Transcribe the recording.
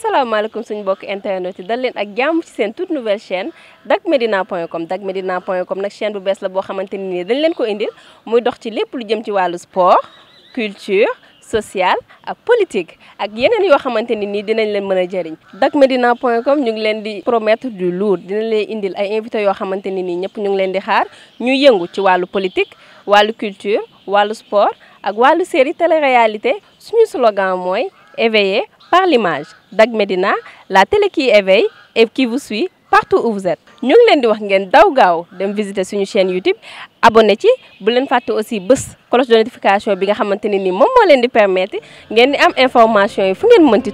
asalaamaaleykum suñu mbokk internet yi dal leen ak jàmm ci seen toute nouvelle chaîne Dak Médina point com Dak Médina point com nag chaîne bu bees la boo xamante ni nii dañ leen ko indil muy dox ci lépp lu jëm ci wàllu sport culture social ak politique ak yeneen yoo xamante ni nii dinañ leen mën a jariñ Dak Médina point comme ñu ngi leen di promettre du lourd dinañ leen indil ay invités yoo xamante ni nii ñëpp ñu ngi leen di xaar ñu yëngu ci wàllu politique wàllu culture wàllu sport ak wàllu série télé réalité suñu slogan mooy par l'image d'Agmedina, la télé qui éveille et qui vous suit partout où vous êtes Nous ngi leen di wax ngeen daw visiter suñu chaîne YouTube abonné ci bu leen faire aussi bés cloche de notification bi nga xamante ni moom moo leen di permettre di am information fu mënti